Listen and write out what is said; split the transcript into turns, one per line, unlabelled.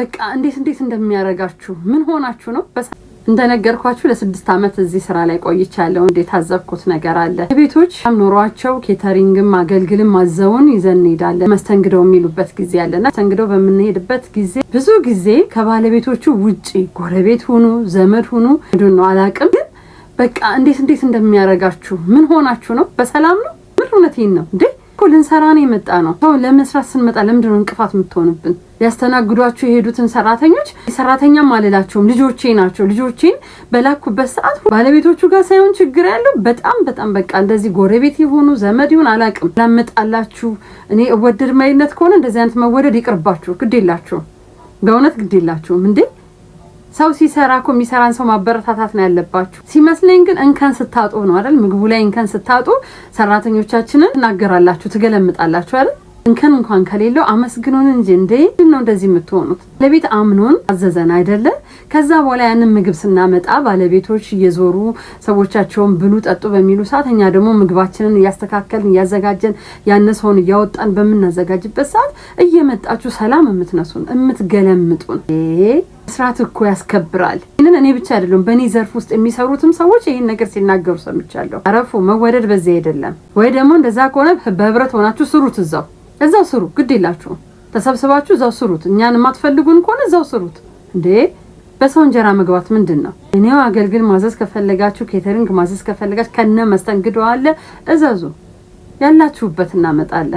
በቃ እንዴት እንዴት እንደሚያደርጋችሁ ምን ሆናችሁ ነው? እንደነገርኳችሁ ለስድስት ዓመት እዚህ ስራ ላይ ቆይቻለሁ። ታዘብኩት ነገር አለ። ቤቶች ኖሯቸው ኬተሪንግም አገልግልም አዘውን ይዘን እንሄዳለን። መስተንግዶ የሚሉበት ጊዜ አለና መስተንግዶ በምንሄድበት ጊዜ ብዙ ጊዜ ከባለቤቶቹ ውጪ ጎረቤት ሁኑ ዘመድ ሁኑ ምንድን ነው አላቅም፣ ግን በቃ እንዴት እንዴት እንደሚያደርጋችሁ ምን ሆናችሁ ነው? በሰላም ነው? ምን እውነቴን ነው እንዴ እኮ ልንሰራ ነው የመጣ ነው። ሰው ለመስራት ስንመጣ ለምንድነው እንቅፋት የምትሆኑብን? ሊያስተናግዷቸው የሄዱትን ሰራተኞች ሰራተኛም አልላቸውም፣ ልጆቼ ናቸው። ልጆቼን በላኩበት ሰዓት ባለቤቶቹ ጋር ሳይሆን ችግር ያለው በጣም በጣም በቃ እንደዚህ ጎረቤት የሆኑ ዘመድ ይሁን አላቅም ላመጣላችሁ እኔ እወደድ ማይነት ከሆነ እንደዚህ አይነት መወደድ ይቅርባችሁ፣ ግድ የላችሁም፣ በእውነት ግድ የላችሁም እንዴ ሰው ሲሰራ እኮ የሚሰራን ሰው ማበረታታት ነው ያለባችሁ። ሲመስለኝ ግን እንከን ስታጡ ነው አይደል? ምግቡ ላይ እንከን ስታጡ ሰራተኞቻችንን ትናገራላችሁ፣ ትገለምጣላችሁ አይደል? እንከን እንኳን ከሌለው አመስግኖን እንጂ እንዴ ነው እንደዚህ የምትሆኑት? ባለቤት አምኖን አዘዘን አይደለ? ከዛ በኋላ ያንን ምግብ ስናመጣ ባለቤቶች እየዞሩ ሰዎቻቸውን ብሉ ጠጡ በሚሉ ሰዓት እኛ ደግሞ ምግባችንን እያስተካከልን እያዘጋጀን ያነሰውን እያወጣን በምናዘጋጅበት ሰዓት እየመጣችሁ ሰላም የምትነሱን የምትገለምጡን መስራት እኮ ያስከብራል። ይህንን እኔ ብቻ አይደለም፣ በእኔ ዘርፍ ውስጥ የሚሰሩትም ሰዎች ይህን ነገር ሲናገሩ ሰምቻለሁ። አረፉ መወደድ በዚህ አይደለም ወይ ደግሞ እንደዛ ከሆነ በህብረት ሆናችሁ ስሩት። እዛው እዛው ስሩ፣ ግድ የላችሁም። ተሰብስባችሁ እዛው ስሩት። እኛን የማትፈልጉን ከሆነ እዛው ስሩት እንዴ በሰው እንጀራ መግባት ምንድን ነው? እኔው አገልግል ማዘዝ ከፈለጋችሁ ኬተሪንግ ማዘዝ ከፈለጋችሁ ከነ መስተንግዶ አለ እዘዙ። ያላችሁበት እናመጣለን።